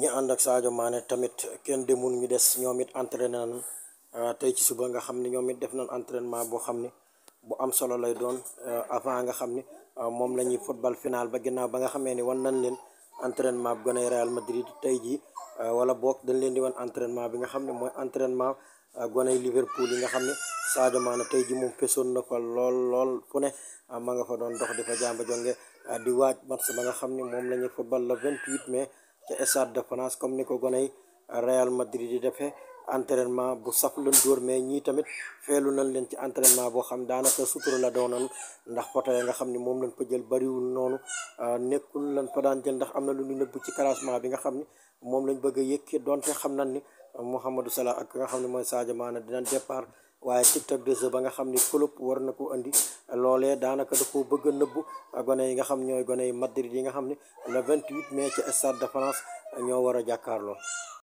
ñi ànd ak Sadio Mané tamit kenn demul ñu des ñoom it entraîné nañ euh, tey ci suba nga xam ne ñoom it def nañ entraînement boo xam ne bu am solo lay doon euh, avant nga xam ne euh, moom la ñuy football final ba ginnaaw ba nga xamee ni wan nañ leen entraînement bu gone Real Madrid tey jii wala boog dañ leen di wan entraînement bi nga xam ne mooy entraînement gone Liverpool yi nga xam ne Sadio Mané tey jii moom fesoon na ko lool lool fu ne ah, ma nga fa doon dox di fa jàmba jonge di waaj match ba nga xam ne moom la ñuy football le 28 mai. ca stade de France comme ni ko goney Real Madrid di defee entraînement bu saf lan dóor mais ñii tamit feelu nañ leen ci entraînement boo xam daanaka sutura la doonoon ndax photo ya nga xam ne moom lañ fa jël bariwul noonu euh, nekkul leen fa daan jël ndax am na lu ñu nëbb ci classement bi nga xam ni moom lañ bëgg a yëkki donte xam nañ ni Mouhamadou Salah ak nga xam ne mooy Sadio Mané dinañ départ waaye TikTok de jeu ba nga xam ni club war na ko indi loole danaka da koo bëgg a nëbbu gone yi nga xam ñooy gone yi Madrid yi nga xam ne vingt 28 mai ci stade de France ñoo war a jàkkaarloo.